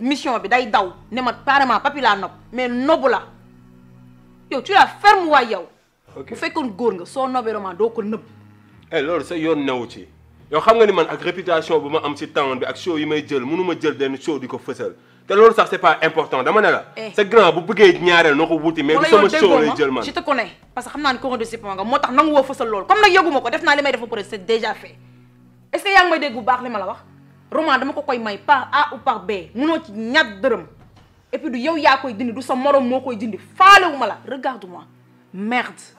mission bi day daw ne ma carrément papi laa nopp mais noble. la yow tu la ferme waay yow. bu fekkoon góor nga soo nobee roman doo Eh nëbb. c'est yon yoon newu ci yow xam nga ni man ak réputation bu ma am si temps bi ak show yi may jël mënu ma show di ko te loolu sax c'est pas important dama ne la. Eh. sa grand bu bëggee ñaareel noo ko wuti. mais du sama show lay jël man je te connais parce que xam naa ne de support nga moo tax nangu woo fësal loolu comme nag yëgu ma ko def naa li may def c'est déjà fait est-ce que yaa ngi may dégg bu baax wax roman dama ko koy may par A ou par B muno ci ñat deureum et puis du yow ya koy dindi du sa morom mo koy dindi faalewu la regarde-moi merde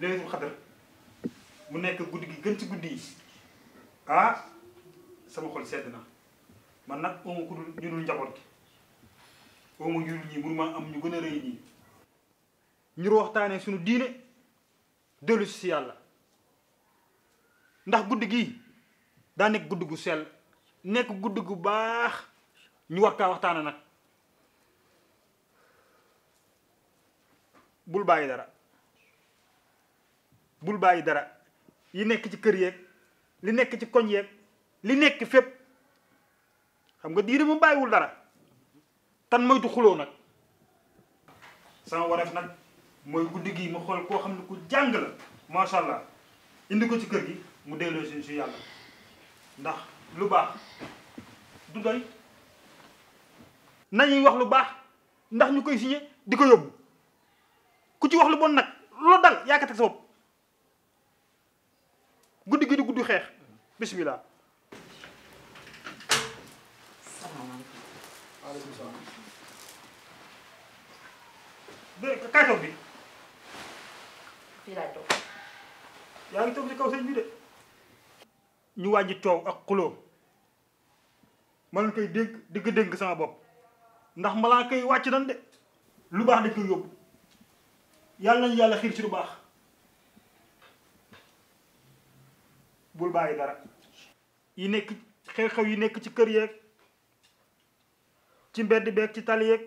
laylatul xadar mu nekk guddi gi gën ci guddi yi ah sama xol sedd na man nag omo ku dul ñu dul njaboot gi omo ñu dul ñii mënu am ñu gën a rëy ñii ñu waxtaanee suñu diine dellu si yàlla ndax guddi gi daa nekk guddi gu sell nekk guddi gu baax ñu war kaa waxtaana nag bul bàyyi dara bul bàyyi dara yi nekk ci kër yeeg li nekk ci koñ yeeg li nekk fépp xam nga diine mu bàyyiwul dara tan moytu xuloo nag sama wareef nag mooy guddi gi mu xool koo xam ne ku jàng la macha allah indi ko ci kër gi mu delloo si si yàlla ndax lu baax du doy nañuy wax lu baax ndax ñu koy signé di ko yóbbu ku ci wax lu bon nag loo dal yaakaar sa bopp guddi gi di guddi bismillah salaamaaleykum kakak kaay toog bi fii laay toog yaa ngi toog ci kaw sëñ bi de ñu wàññi coow ak xuloo ma leen koy dénk di ko dénk sama bopp ndax malaa koy wàcc nan de lu baax dañ koy yóbbu yàlla nañu yàlla xiir ci lu baax bul bàyyi dara yi nekk xew-xew yi nekk ci kër yeeg ci mbedd beeg ci tali yeeg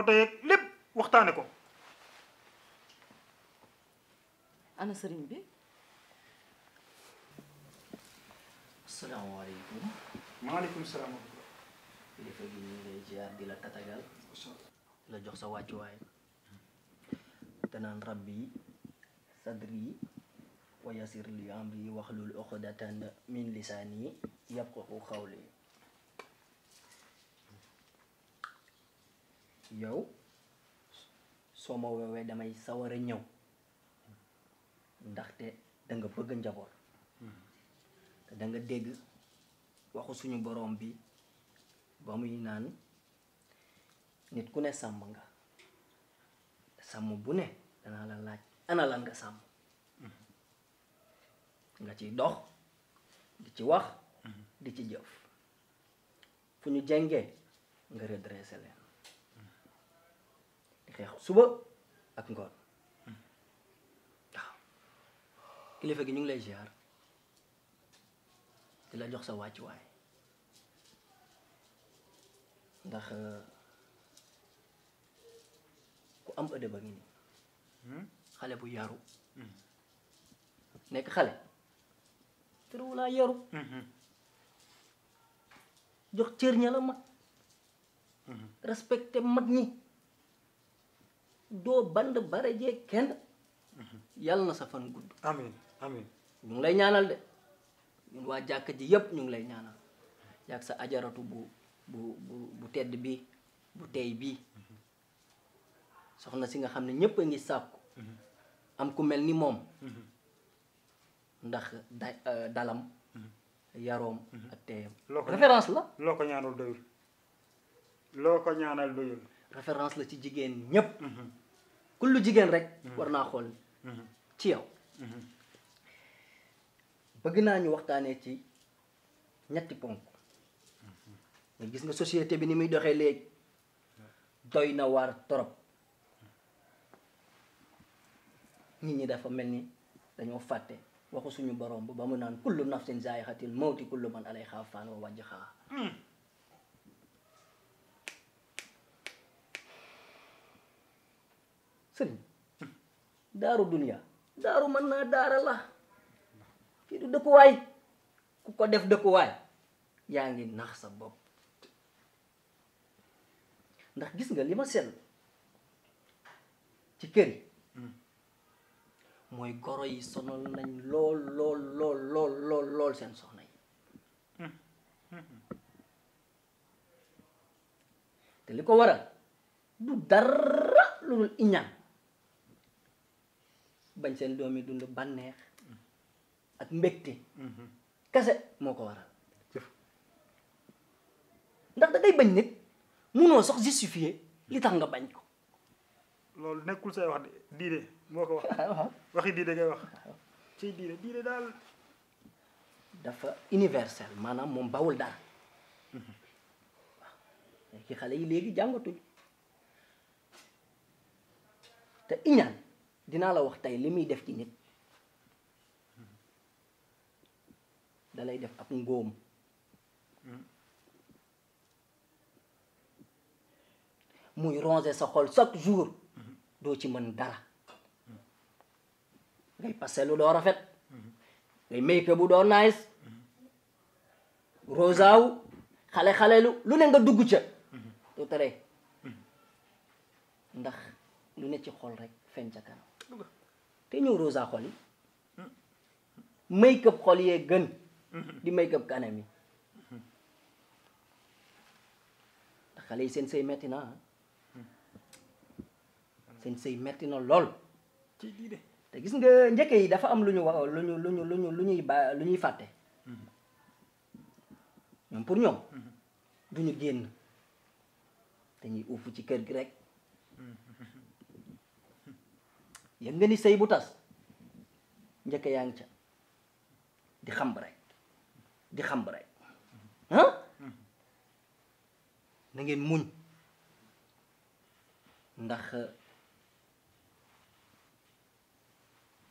oto yeeg lépp waxtaane ko ana bi asalaamaaleykum maaleykum salaam kilifa gi ñu ngi lay ziar jox sa wàccuwaay te naan rabbi sadri wa yasir li amri wahlul uqdatan min lisani yafqahu qawli yow soo ma woowee damay sawar a ñëw ndaxte da nga bëgg njaboot te da nga dégg waxu suñu borom bi ba muy naan nit ku ne sàmm nga sàmm bu ne danaa la laaj ana lan nga sàmm nga ciy dox di ci wax di ci jëf fu ñu jengee nga redressé leen di xeex suba ak ngoon kilifa gi ñu ngi lay ziar di la jox sa wàccuwaay ndax euh, ku am ëdda ba ngi nii hmm? xale bu yaru hmm. nekk xale terulah ya, laa yaru mhm. jox cër ña la mag mhm. respecté mag band bare je kenn mhm. yàlla sa amin amin ñu lay ñaanal de ñun wa jakk ji yep ñu lay ñaanal yak sa ajaratu bu bu bu tedd bi bu tey bi soxna si nga xam ñepp ngi am ku melni mom ndax da euh, dalam mhm. yaroom mhm. ak teeyam référence la loo ko ñaanal doyul référence la ci jigéen ñépp mhm. kullu jigéen rek war naa xool ci yow bëgg naa ñu waxtaanee ci ñetti ponk nga gis nga société bi ni muy doxee léegi doy na waar torop nit ñi dafa mel ni dañoo fàtte waxu suñu borom ba mu naan kullu nafsin zaaixatil maut kullu man alayha fan wa wajha hmm. sëriñ daru dunia daru man na dara la fii du way ku ko def deku way yaangi nax sa bop ndax gis nga lima sel ci keri mooy goro yi sonal lool lool lool lool lool seen soxna yi hmm. Hmm. te li ko waral du dara lu dul iñaan bañ seen doom yi dund bànneex hmm. ak mbégte kase moo ko waral ndax da ngay bañ nit munoo sax justifier li tax nga bañ ko lol nekul say wax de moko wax waxi diine ngay wax ci di de dal dafa universel manam mom bawul dara waaw ci xale yi legi jangatu te iñan dina la wax tay limi def ci nit dalay def ak ngom muy ronger sa xol chaque jour doo ci mën dara ngay passer lu doo rafet ngay make bu doo nice rosaw xale-xale lu lu ne nga dugg ca du tere ndax lu ne ci xol rek feeñ ca kanam te ñëw rosa xol yi make up xol yee gën di make up kanam yi ndax xale yi seen say metti na ah. seen sey metti na lol ci de te gis nga njëkk yi dafa am luñu ñu luñu luñu ñu luñuy ñu lu ba lu ñuy fàtte. Mhm. pour ñom mhm. duñu genn dañuy uuf ci kër gi rek. Mhm. yëg nga ni sey bu tas njëkk yaang ci di xam rek di xam rek ah na ngeen muñ ndax.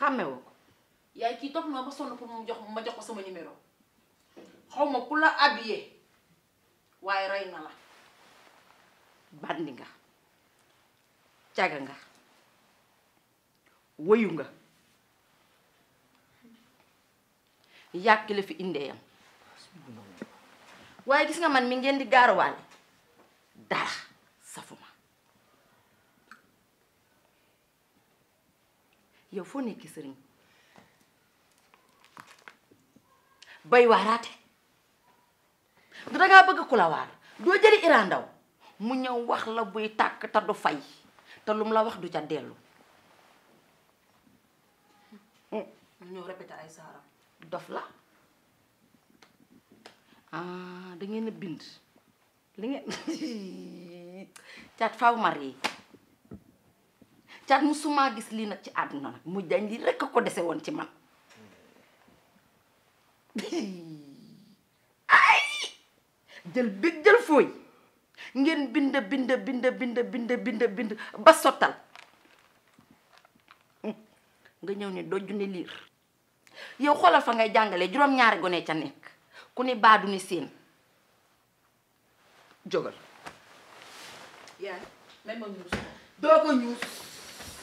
xàmme woo ko yaay kii toog na ba sonn pour mu jox ma jox ko sama numéro xaw ma ku la habillé waaye rey na la bandi nga nga nga fi indeeyam waaye gis nga man mi ngeen di gaaruwaale dara yow fone nekk sëriñ bay warate du dangaa bëgg kula war do doo Iran daw mu ñew wax la buy tak ta du fay ta lum la wax du ca delu ñu ay dof la ah da ngeen bind li ngeen faaw caat musuma gis li nak ci aduna nak mu dañ li rek ko déssé won ci man ay jël big jël foy ngeen binde binde binde binde binde binde binde ba sotal nga ñew ni dojju ne lire yow xolal fa ngay jàngale juróom-ñaari goné ca nek ku ni baadu ni seen jógal même mo ñu do ko